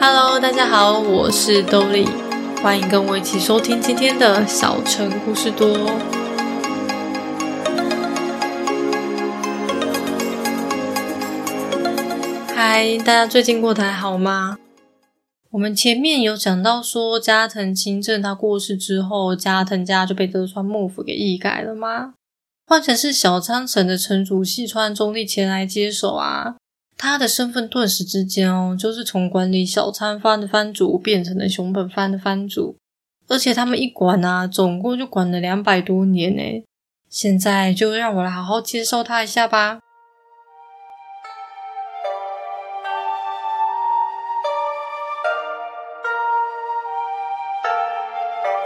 Hello，大家好，我是 Dolly，歡迎跟我一起收聽今天的小城故事多。嗨，大家最近過得還好嗎？我們前面有講到說，加藤清正他過世之後，加藤家就被德川幕府給易改了嗎？換成是小倉城的城主細川忠利前來接手啊，他的身份頓時之間哦，就是從管理小倉藩的藩主變成了熊本藩的藩主，而且他們一管吶、啊，總共就管了兩百多年呢。現在就讓我來好好接受他一下吧。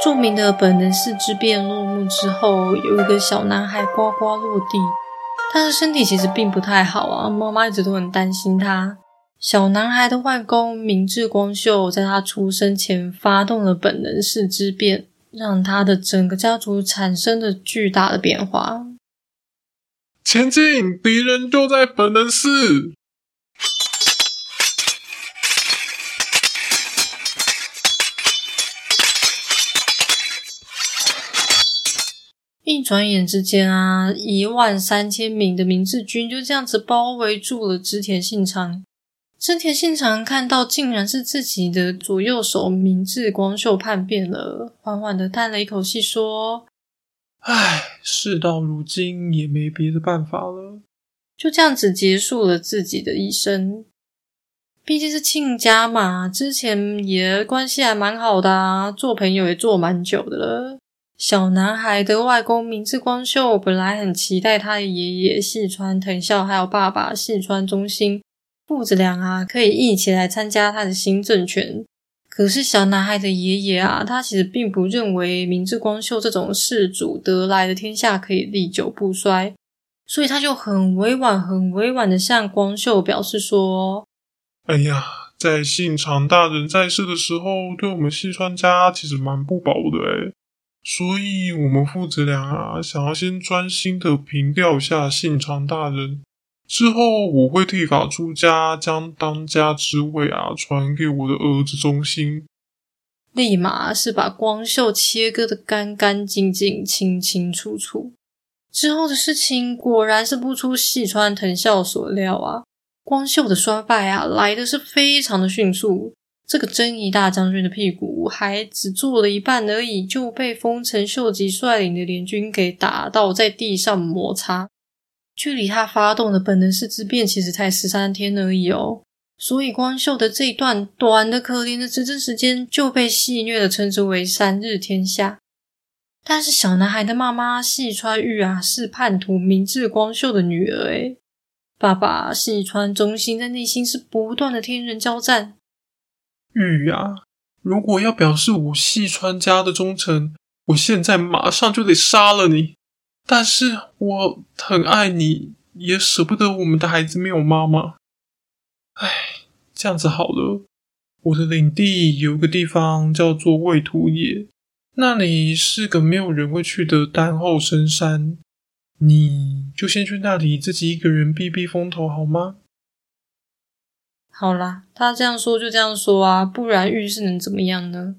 著名的本能寺之變落幕之後，有一個小男孩呱呱落地，他的身體其實並不太好啊，媽媽一直都很擔心他。小男孩的外公明智光秀在他出生前發動了本能寺之變，讓他的整個家族產生了巨大的變化。前進，敵人就在本能寺。一轉眼之間啊，一萬三千名的明智軍就這樣子包圍住了織田信長。織田信長看到，竟然是自己的左右手明智光秀叛變了，緩緩的嘆了一口氣，說：“唉，事到如今也沒別的辦法了。”就這樣子結束了自己的一生。畢竟是親家嘛，之前也關係還蠻好的啊，做朋友也做蠻久的了。小男孩的外公明智光秀本來很期待他的爺爺細川藤孝還有爸爸細川忠興父子倆啊，可以一起來參加他的新政權。可是小男孩的爺爺啊，他其實並不認為明智光秀這種弒主得來的天下可以歷久不衰，所以他就很委婉、很委婉的向光秀表示說：“哎呀，在信長大人在世的時候，對我們細川家其實蠻不薄的誒、欸所以，我們父子倆啊，想要先專心的憑弔一下信長大人，之後我會剃髮出家，將當家之位啊傳給我的兒子忠興，立馬是把光秀切割的乾乾淨淨、清清楚楚。之後的事情果然是不出細川藤孝所料啊，光秀的衰敗啊來的是非常的迅速。這個征夷大將軍的屁股還只坐了一半而已，就被豐臣秀吉率領的聯軍給打倒在地上摩擦。距離他發動的本能寺之變，其實才十三天而已哦。所以光秀的這一段短的可憐的執政時間，就被戲謔的稱之為“三日天下”。但是小男孩的媽媽細川玉啊是叛徒明智光秀的女兒，誒，爸爸細川忠興在內心是不斷的天人交戰。玉呀、啊，如果要表示我細川家的忠誠，我現在馬上就得殺了你。但是我很愛你，也捨不得我們的孩子沒有媽媽。唉，這樣子好了，我的領地有個地方叫做味土野，那裡是個沒有人會去的丹後深山。你就先去那裡自己一個人避避風頭好嗎？好啦，他這樣說就這樣說啊，不然玉是能怎麼樣呢？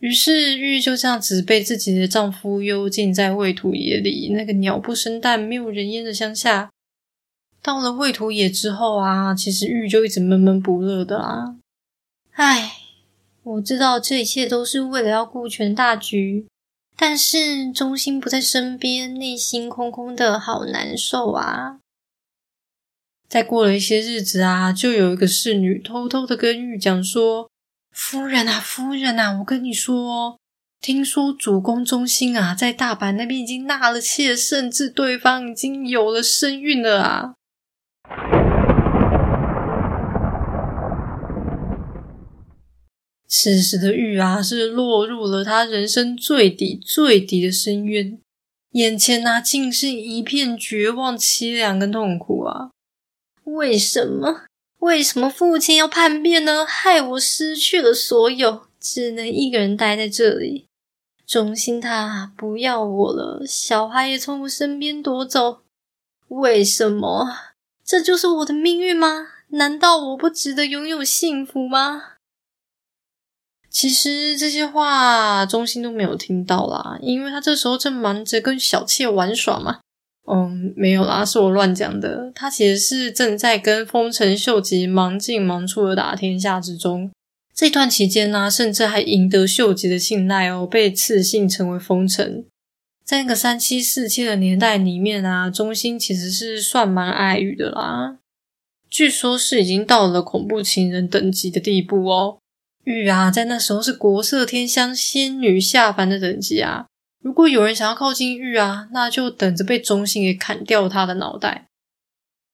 於是玉就這樣子被自己的丈夫幽禁在味土野裡，那個鳥不生蛋、沒有人煙的鄉下。到了味土野之後啊，其實玉就一直悶悶不樂的啊。唉，我知道這一切都是為了要顧全大局，但是忠興不在身邊，內心空空的好難受啊。再過了一些日子啊，就有一個侍女偷偷的跟玉講說：“夫人啊，夫人啊，我跟你說，聽說主公忠興啊，在大阪那邊已經納了妾，甚至對方已經有了身孕了啊！”此時的玉啊，是落入了他人生最底、最底的深淵，眼前啊，竟是一片絕望、淒涼跟痛苦啊！為什麼？為什麼父親要叛變呢？害我失去了所有，只能一個人待在這裡。忠興他不要我了，小孩也從我身邊奪走。為什麼？這就是我的命運嗎？難道我不值得擁有幸福嗎？其實這些話忠興都沒有聽到啦，因為他這時候正忙着跟小妾玩耍嘛。嗯、哦，沒有啦，是我亂講的。他其實是正在跟豐臣秀吉忙進忙出的打天下之中，這段期間呢、啊，甚至還贏得秀吉的信賴哦，被賜姓成為豐臣。在那個三妻四妾的年代裡面啊，忠興其實是算蠻愛玉的啦。據說，是已經到了恐怖情人等級的地步哦。玉啊，在那時候是國色天香、仙女下凡的等級啊。如果有人想要靠近玉啊，那就等着被忠興給砍掉他的腦袋。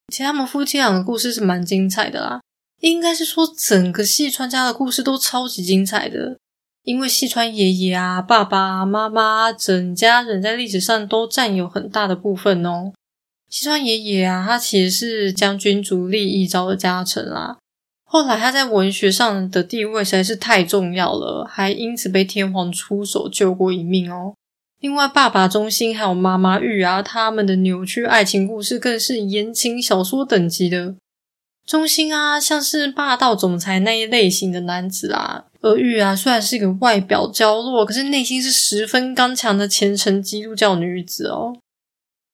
其實他們夫妻倆的故事是蠻精彩的啦，應該是說整個細川家的故事都超級精彩的，因為細川爺爺啊、爸爸媽媽整家人在歷史上都占有很大的部分哦。細川爺爺啊，他其實是將軍足利義昭的家臣啦。後來他在文學上的地位實在是太重要了，還因此被天皇出手救過一命哦。另外，爸爸忠興，還有媽媽玉啊，他們的扭曲愛情故事更是言情小說等級的。忠興啊，像是霸道總裁那一類型的男子啊，而玉啊，雖然是一個外表嬌弱，可是內心是十分剛強的虔誠基督教女子哦。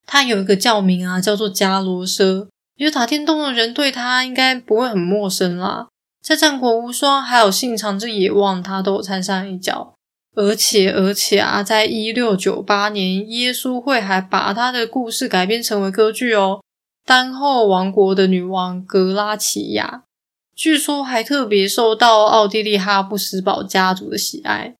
她有一個教名啊，叫做伽羅奢。也有打電動的人對她應該不會很陌生啦。在《戰國無雙》還有《信長之野望》，她都有參上一腳。而且，而且啊，在一六九八年，耶穌會還把他的故事改編成為歌劇哦。丹後王國的女王格拉奇亞，據說還特別受到奧地利哈布斯堡家族的喜愛。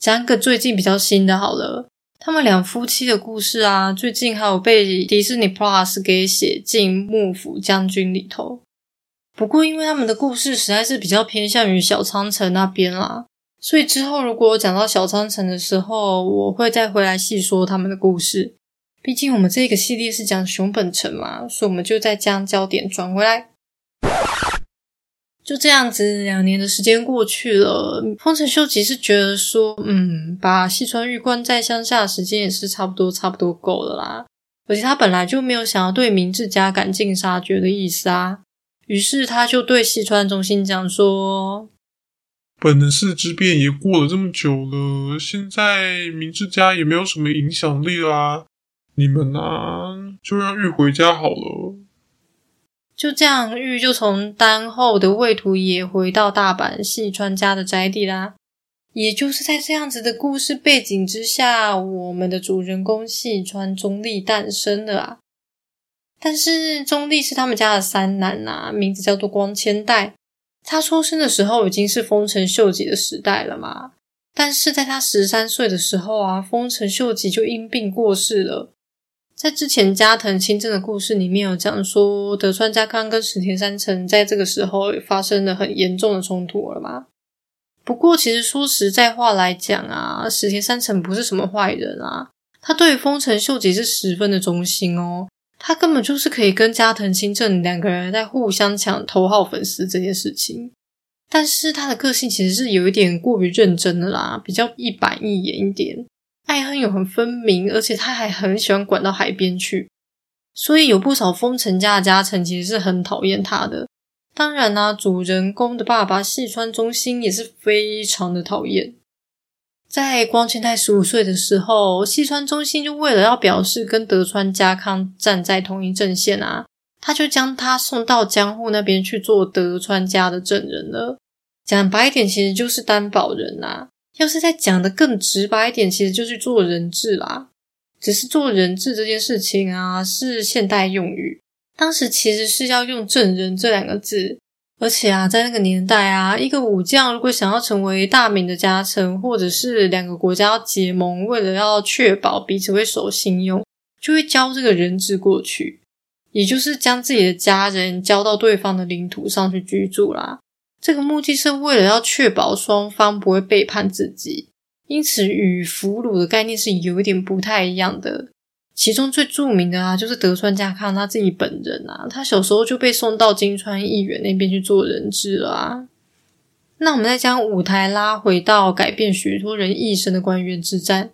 講個最近比較新的好了，他們兩夫妻的故事啊，最近還有被迪士尼 Plus 給寫進幕府將軍裡頭。不過，因為他們的故事實在是比較偏向於小倉城那邊啦。所以之後，如果我講到小倉城的時候，我會再回來細說他們的故事。畢竟我們這個系列是講熊本城嘛，所以我們就再將焦點轉回來。就這樣子，兩年的時間過去了。豐臣秀吉是覺得說，嗯，把細川玉關在鄉下的時間也是差不多，差不多夠了啦。而且他本來就沒有想要對明智家趕盡殺絕的意思啊。於是他就對細川忠興講說。本能寺之變也過了這麼久了，現在明智家也沒有什麼影響力啦、啊。你們啊，就讓玉回家好了。就這樣，玉就從丹後的味土野回到大阪細川家的宅地啦。也就是在這樣子的故事背景之下，我們的主人公細川忠利誕生了啊。但是忠利是他們家的三男啊，名字叫做光千代。他出生的時候已經是豐臣秀吉的時代了嘛，但是在他十三歲的時候啊，豐臣秀吉就因病過世了。在之前加藤清正的故事裡面有講說，德川家康跟石田三成在這個時候發生了很嚴重的衝突了嘛。不過，其實說實在話來講啊，石田三成不是什麼壞人啊，他對於豐臣秀吉是十分的忠心哦。他根本就是可以跟加藤清正兩個人在互相搶頭號粉絲這件事情，但是他的個性其實是有一點過於認真的啦，比較一板一眼一點，愛恨又很分明，而且他還很喜歡管到海邊去，所以有不少豐臣家的家臣其實是很討厭他的。當然啦，主人公的爸爸細川忠興也是非常的討厭。在光千代十五歲的時候，細川忠興就為了要表示跟德川家康站在同一陣線啊，他就將他送到江戶那邊去做德川家的證人了。講白一點，其實就是擔保人啊。要是再講得更直白一點，其實就是做人質啦。只是做人質這件事情啊，是現代用語，當時其實是要用證人這兩個字。而且啊，在那個年代啊，一個武將如果想要成為大名的家臣，或者是兩個國家要結盟，為了要確保彼此會守信用，就會交這個人質過去，也就是將自己的家人交到對方的領土上去居住啦。這個目的是為了要確保雙方不會背叛自己，因此與俘虜的概念是有一點不太一樣的。其中最著名的啊，就是德川家康他自己本人啊。他小時候就被送到今川義元那邊去做人質了啊。那我們再將舞台拉回到改變許多人一生的關原之戰，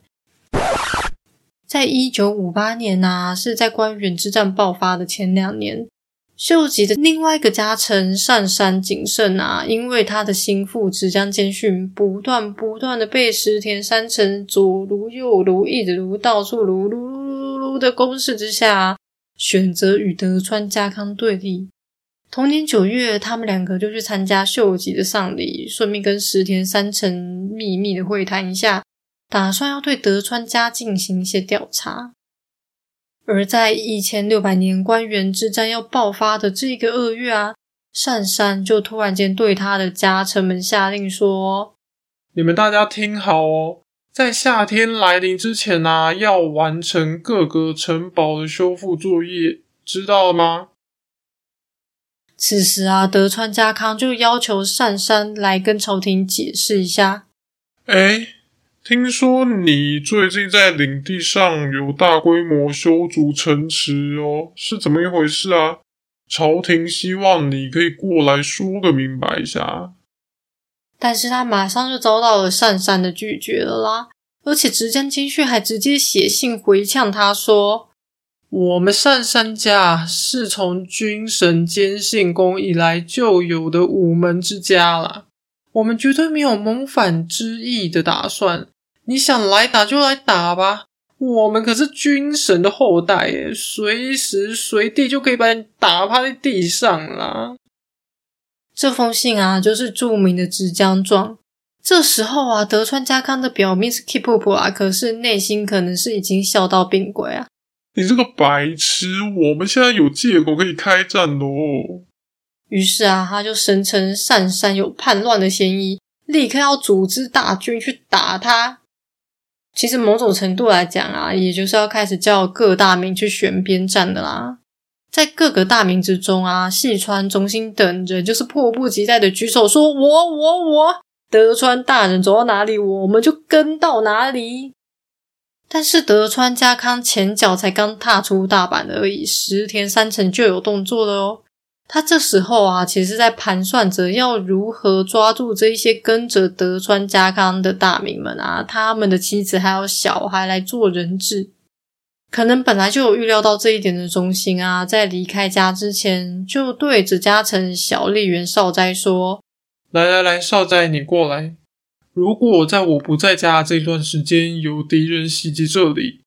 在一九五八年啊，是在關原之戰爆發的前兩年，秀吉的另外一個家臣上杉景勝啊，因為他的心腹直江兼續不斷不斷的被石田三成左如右如一直如到處如擼的攻勢之下，選擇與德川家康對立。同年九月，他們兩個就去參加秀吉的喪禮，順便跟石田三成秘密的會談一下，打算要對德川家進行一些調查。而在一千六百年關原之戰要爆發的這個二月啊，善山就突然間對他的家臣們下令說：“你們大家聽好哦。”在夏天來臨之前呢、啊，要完成各個城堡的修復作業，知道了嗎？此時啊，德川家康就要求上山來跟朝廷解釋一下。誒、欸、聽說你最近在領地上有大規模修築城池哦，是怎麼一回事啊？朝廷希望你可以過來說個明白一下。但是他馬上就遭到了上杉的拒絕了啦，而且直江兼續還直接寫信回嗆他說：“我們上杉家是從軍神謙信公以來就有的武門之家啦。我們絕對沒有謀反之意的打算。你想來打就來打吧，我們可是軍神的後代，隨時隨地就可以把你打趴在地上啦。”這封信啊，就是著名的《直江狀》。這時候啊，德川家康的表面是 keep up 啊，可是內心可能是已經笑到病鬼啊。你這個白痴，我們現在有借口可以開戰嘍。於是啊，他就聲稱善山有叛亂的嫌疑，立刻要組織大軍去打他。其實某種程度來講啊，也就是要開始叫各大名去選邊站的啦。在各個大名之中啊，細川忠興等人就是迫不及待的舉手說我：“我我我，德川大人走到哪裡，我們就跟到哪裡。”但是德川家康前腳才剛踏出大阪而已，石田三成就有動作了哦。他這時候啊，其實在盤算着要如何抓住這些跟着德川家康的大名們啊，他們的妻子還有小孩來做人質。可能本來就有預料到這一點的忠興啊，在離開家之前，就對着家臣、小笠原少哉說：“來來來，少哉，你過來。如果在我不在家這段時間有敵人襲擊這裡，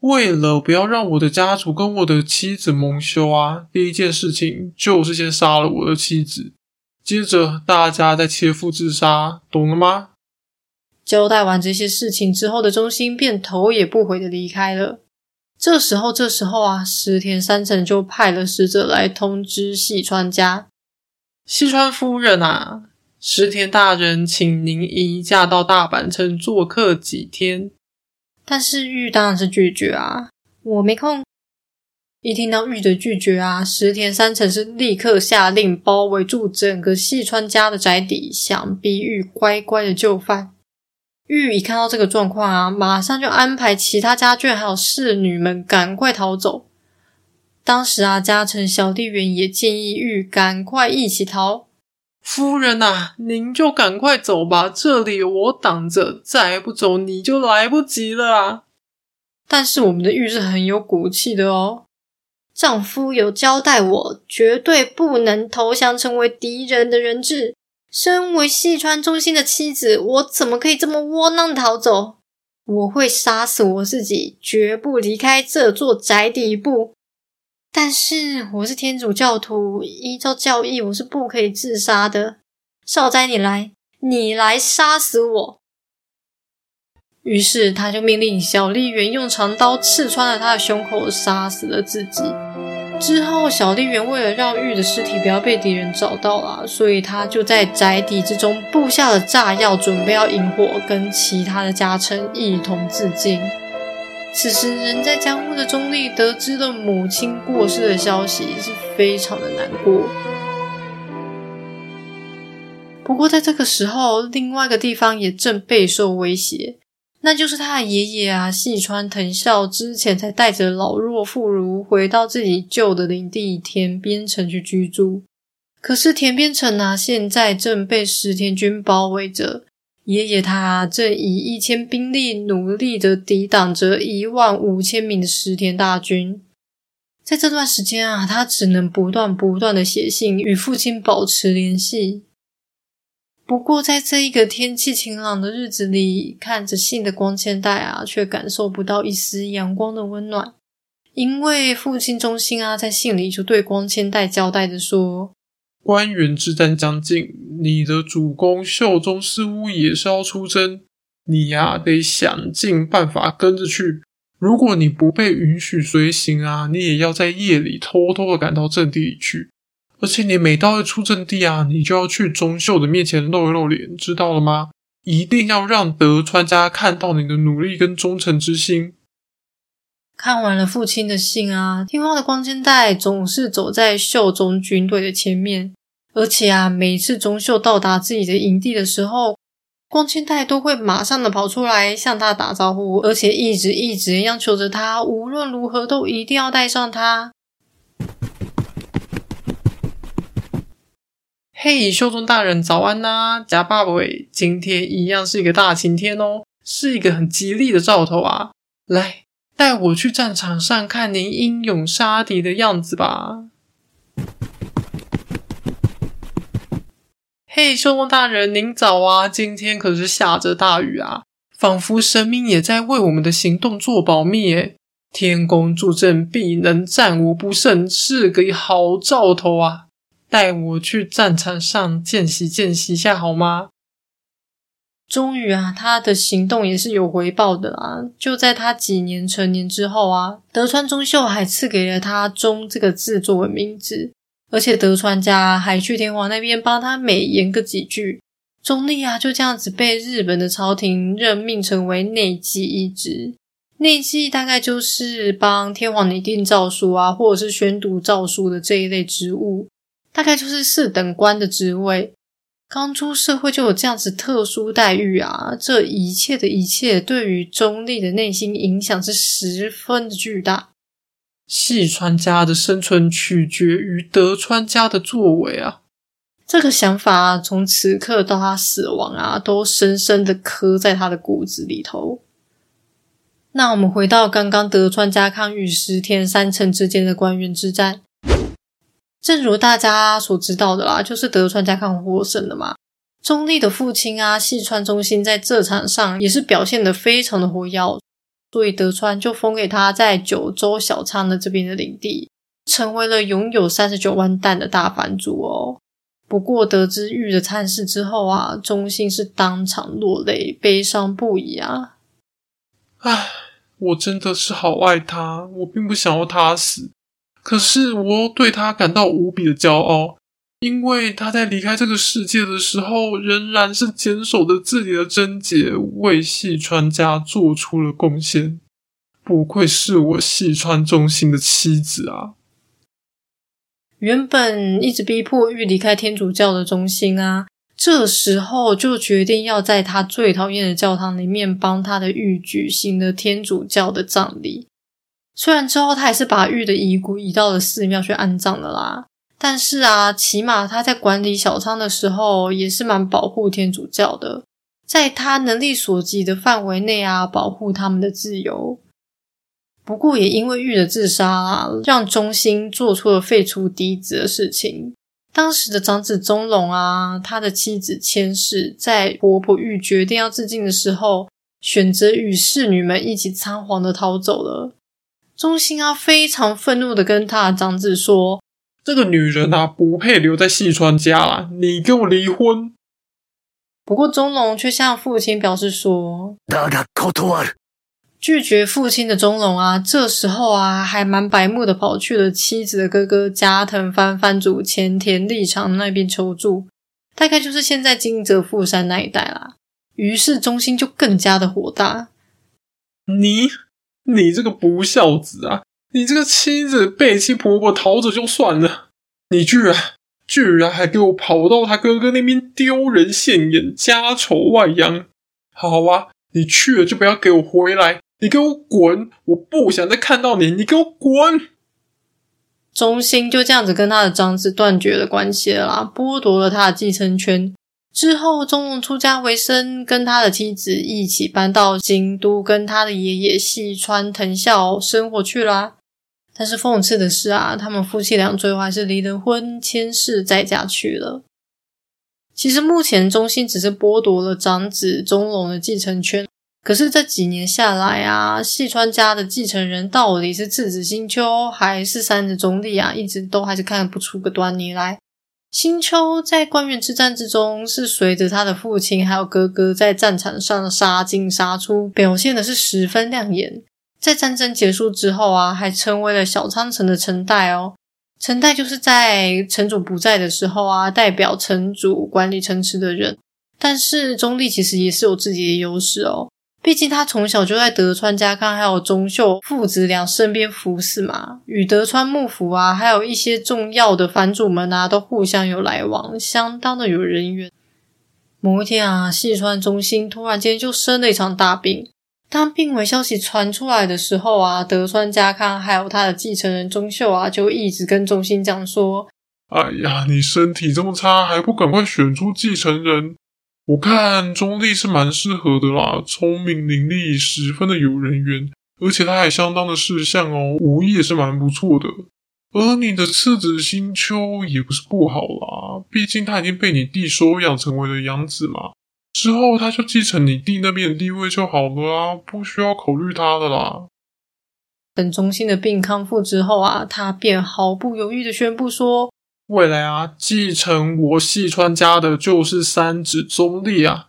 為了不要讓我的家族跟我的妻子蒙羞啊，第一件事情就是先殺了我的妻子，接着大家再切腹自殺，懂了嗎？”交代完這些事情之後的忠興便頭也不回的離開了。這時候，這時候啊，石田三成就派了使者來通知細川家，細川夫人啊，石田大人，請您移駕到大阪城做客幾天。但是玉當然是拒絕啊，我沒空。一聽到玉的拒絕啊，石田三成是立刻下令包圍住整個細川家的宅邸，想逼玉乖乖的就範。玉一看到這個狀況啊，馬上就安排其他家眷還有侍女們趕快逃走。當時啊，家臣小弟元也建議玉趕快一起逃。夫人吶、啊，您就趕快走吧，這裡我擋着，再不走你就來不及了啊。但是我們的玉是很有骨氣的哦，丈夫有交代我，絕對不能投降，成為敵人的人質。身為細川忠興的妻子，我怎麼可以這麼窩囊逃走？我會殺死我自己，絕不離開這座宅邸一步。但是我是天主教徒，依照教義，我是不可以自殺的。少齋，你來，你來殺死我。於是，他就命令小笠原用長刀刺穿了他的胸口，殺死了自己。之後，小笠原為了讓玉的屍體不要被敵人找到啊，所以他就在宅邸之中佈下了炸藥，準備要引火，跟其他的家臣一同自盡。此時，人在江戶的忠利得知了母親過世的消息，是非常的難過。不過，在這個時候，另外一個地方也正備受威脅。那就是他的爺爺啊，細川藤孝之前才帶着老弱婦孺回到自己舊的領地田邊城去居住。可是田邊城啊，現在正被石田軍包圍着。爺爺他正以一千兵力努力的抵擋着一萬五千名的石田大軍。在這段時間啊，他只能不斷不斷的寫信與父親保持聯繫。不過，在這一個天氣晴朗的日子裡，看着信的光千代啊，卻感受不到一絲陽光的溫暖。因為父親忠興啊，在信裡就對光千代交代着說：“關原之戰將近，你的主公秀忠似乎也是要出征，你呀、啊、得想盡辦法跟着去。如果你不被允許隨行啊，你也要在夜裡偷偷的趕到陣地裡去。”而且你每到一處陣地啊，你就要去中秀的面前露一露臉，知道了嗎？一定要讓德川家看到你的努力跟忠誠之心。看完了父親的信啊，聽話的光千代總是走在秀忠軍隊的前面，而且啊，每次中秀到達自己的營地的時候，光千代都會馬上的跑出來向他打招呼，而且一直一直央求着他，無論如何都一定要帶上他。嘿，袖中大人早安吶、啊，賈爸爸，今天一樣是一個大晴天哦，是一個很吉利的兆頭啊！來，帶我去戰場上看您英勇殺敵的樣子吧。嘿，袖中大人您早啊，今天可是下着大雨啊，仿佛神明也在為我們的行動做保密哎，天公助陣，必能戰無不勝，是個好兆頭啊。帶我去戰場上見習見習一下好嗎？終於啊，他的行動也是有回報的啊！就在他幾年成年之後啊，德川忠秀還賜給了他“忠”這個字作為名字，而且德川家還去天皇那邊幫他美言個幾句。忠利啊，就這樣子被日本的朝廷任命成為內記一職。內記大概就是幫天皇擬定詔書啊，或者是宣讀詔書的這一類職務。大概就是四等官的職位，剛出社會就有這樣子特殊待遇啊！這一切的一切，對於忠利的內心影響是十分的巨大。細川家的生存取決於德川家的作為啊！這個想法啊，從此刻到他死亡啊，都深深的刻在他的骨子裡頭。那我們回到剛剛德川家康與石田三成之間的關原之戰。正如大家所知道的啦，就是德川家康獲勝了嘛。忠利的父親啊，細川忠興在這場上也是表現得非常的活躍，所以德川就封給他在九州小倉的這邊的領地，成為了擁有三十九萬石的大藩主哦。不過得知玉的慘事之後啊，忠興是當場落淚，悲傷不已啊！唉，我真的是好愛他，我並不想要他死。可是我對他感到無比的驕傲，因為他在離開這個世界的時候，仍然是堅守着自己的貞潔，為細川家做出了貢獻。不愧是我細川忠興的妻子啊！原本一直逼迫玉離開天主教的忠興啊，這時候就決定要在他最討厭的教堂裡面幫他的玉舉行的天主教的葬禮。雖然之後他還是把玉的遺骨移到了寺廟去安葬了啦，但是啊，起碼他在管理小倉的時候也是蠻保護天主教的，在他能力所及的範圍內啊，保護他們的自由。不過也因為玉的自殺啊，讓忠興做出了廢除嫡子的事情。當時的長子忠隆啊，他的妻子千世在婆婆玉決定要自盡的時候，選擇與侍女們一起倉皇的逃走了。忠興啊，非常憤怒的跟他的長子說：“這個女人啊，不配留在細川家啦，你跟我離婚。”不過，中龍卻向父親表示說、啊：“拒絕父親的中龍啊，這時候啊，還蠻白目的跑去了妻子的哥哥加藤藩藩主前田利長那邊求助，大概就是現在金澤富山那一帶啦。”於是，忠興就更加的火大，你。你這個不孝子啊！你這個妻子背棄婆婆逃走就算了，你居然居然還給我跑到他哥哥那邊丟人現眼，家醜外揚。好啊，你去了就不要給我回來，你給我滾！我不想再看到你，你給我滾！忠興就這樣子跟他的長子斷絕了關係了啦，剝奪了他的繼承權。之後，忠隆出家為僧，跟他的妻子一起搬到京都，跟他的爺爺細川藤孝生活去啦、啊。但是諷刺的是啊，他們夫妻倆最後還是離了婚，千世再嫁去了。其實目前忠興只是剝奪了長子忠隆的繼承權，可是這幾年下來啊，細川家的繼承人到底是次子興秋還是三子忠利啊，一直都還是看不出個端倪來。興秋在關原之戰之中，是隨着他的父親還有哥哥在戰場上殺進殺出，表現的是十分亮眼。在戰爭結束之後啊，還成為了小倉城的城代哦。城代就是在城主不在的時候啊，代表城主管理城池的人。但是忠利其實也是有自己的優勢哦。畢竟他從小就在德川家康還有忠秀父子倆身邊服侍嘛，與德川幕府啊，還有一些重要的藩主們吶、啊，都互相有來往，相當的有人緣。某一天啊，細川忠興突然間就生了一場大病。當病危消息傳出來的時候啊，德川家康還有他的繼承人忠秀啊，就一直跟忠興講說：“哎呀，你身體這麼差，還不趕快選出繼承人？”我看忠利是蠻適合的啦，聰明伶俐，十分的有人緣，而且他還相當的識相哦，武藝也是蠻不錯的。而你的次子興秋也不是不好啦，畢竟他已經被你弟收養成為了養子嘛，之後他就繼承你弟那邊的地位就好了啊，不需要考慮他的啦。等忠興的病康復之後啊，他便毫不猶豫的宣布說。未來啊，繼承我細川家的就是三子忠利啊。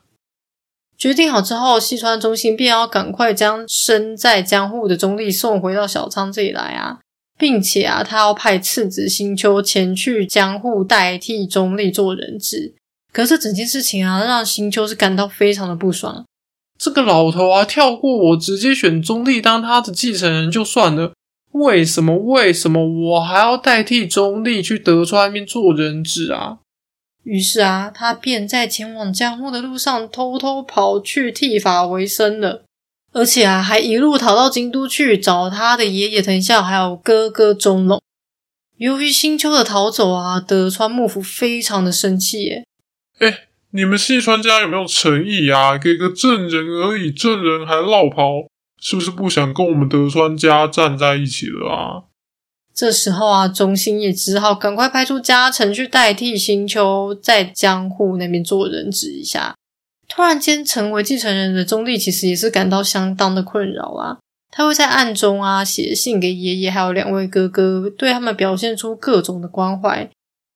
決定好之後，細川忠興便要趕快將身在江戶的忠利送回到小倉這裡來啊，並且啊，他要派次子興秋前去江戶代替忠利做人質。可是整件事情啊，讓興秋是感到非常的不爽。這個老頭啊，跳過我，直接選忠利當他的繼承人就算了。為什麼？為什麼我還要代替忠利去德川那邊做人質啊？於是啊，他便在前往江戶的路上偷偷跑去剃髮為僧了，而且啊，還一路逃到京都去找他的爺爺藤孝還有哥哥忠隆。由於興秋的逃走啊，德川幕府非常的生氣耶、欸。哎、欸，你們細川家有沒有誠意啊？給個證人而已，證人還落跑。是不是不想跟我們德川家站在一起了啊？這時候啊，忠興也只好趕快派出嘉誠去代替興秋，在江戶那邊做人質一下。突然間成為繼承人的忠利，其實也是感到相當的困擾啊。他會在暗中啊寫信給爺爺，還有兩位哥哥，對他們表現出各種的關懷，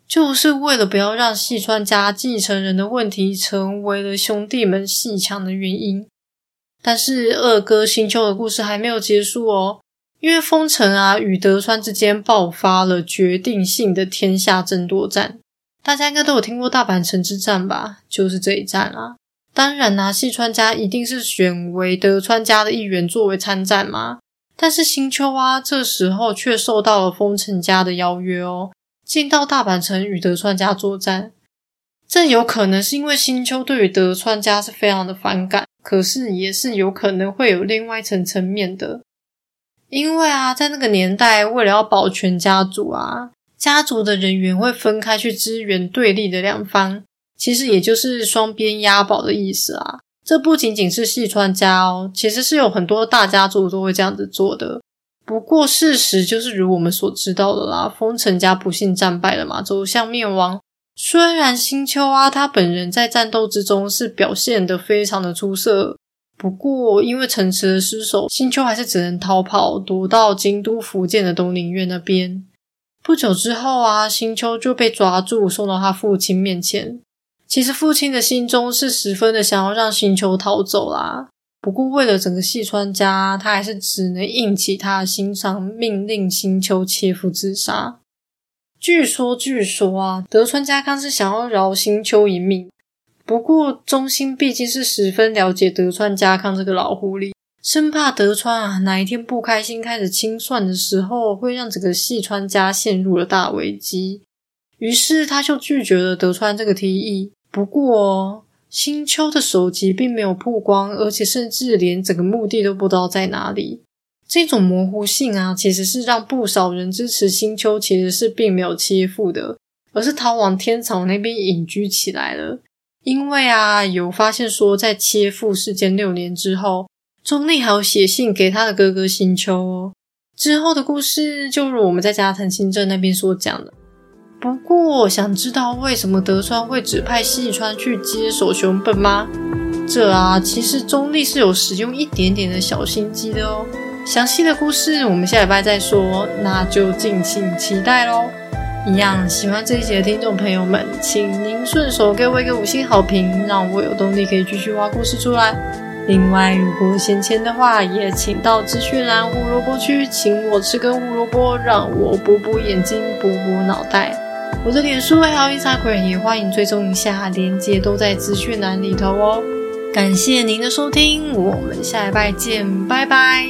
就是為了不要讓細川家繼承人的問題成為了兄弟們鬩牆的原因。但是二哥興秋的故事還沒有結束哦，因為豐臣啊與德川之間爆發了決定性的天下爭奪戰，大家應該都有聽過大阪城之戰吧？就是這一戰啦、啊。當然啦、啊，細川家一定是選為德川家的一員作為參戰嘛。但是興秋啊，這時候卻受到了豐臣家的邀約哦，進到大阪城與德川家作戰。這有可能是因為興秋對於德川家是非常的反感。可是也是有可能會有另外一層層面的，因為啊，在那個年代，為了要保全家族啊，家族的人員會分開去支援對立的兩方，其實也就是雙邊押寶的意思啊。這不僅僅是細川家哦，其實是有很多大家族都會這樣子做的。不過事實就是如我們所知道的啦，豐臣家不幸戰敗了嘛，走向滅亡。雖然興秋啊，他本人在戰鬥之中是表現得非常的出色，不過因為城池的失守，興秋還是只能逃跑，躲到京都福建的東林院那邊。不久之後啊，興秋就被抓住，送到他父親面前。其實父親的心中是十分的想要讓興秋逃走啦，不過為了整個細川家，他還是只能硬起他的心腸，命令興秋切腹自殺。據說，據說啊，德川家康是想要饒興秋一命。不過，忠興畢竟是十分了解德川家康這個老狐狸，生怕德川啊哪一天不開心開始清算的時候，會讓整個細川家陷入了大危機。於是，他就拒絕了德川這個提議。不過，興秋的首級並沒有曝光，而且甚至連整個墓地都不知道在哪裡。這種模糊性啊，其實是讓不少人支持興秋，其實是並沒有切腹的，而是逃往天草那邊隱居起來了。因為啊，有發現說，在切腹事件六年之後，忠利還有寫信給他的哥哥興秋哦。之後的故事，就如、是、我們在加藤清正那邊所講的。不過，想知道為什麼德川會指派細川去接手熊本嗎？這啊，其實忠利是有使用一點點的小心機的哦。詳細的故事我們下禮拜再說，那就敬請期待嘍。一樣喜歡這一集的聽眾朋友們，請您順手給我一個五星好評，讓我有動力可以繼續挖故事出來。另外，如果閒錢的話，也請到資訊欄胡蘿蔔區請我吃根胡蘿蔔，讓我補補眼睛，補補腦袋。我的臉書還有 Instagram 也歡迎追蹤一下，連結都在資訊欄裡頭哦。感謝您的收聽，我們下禮拜見，拜拜。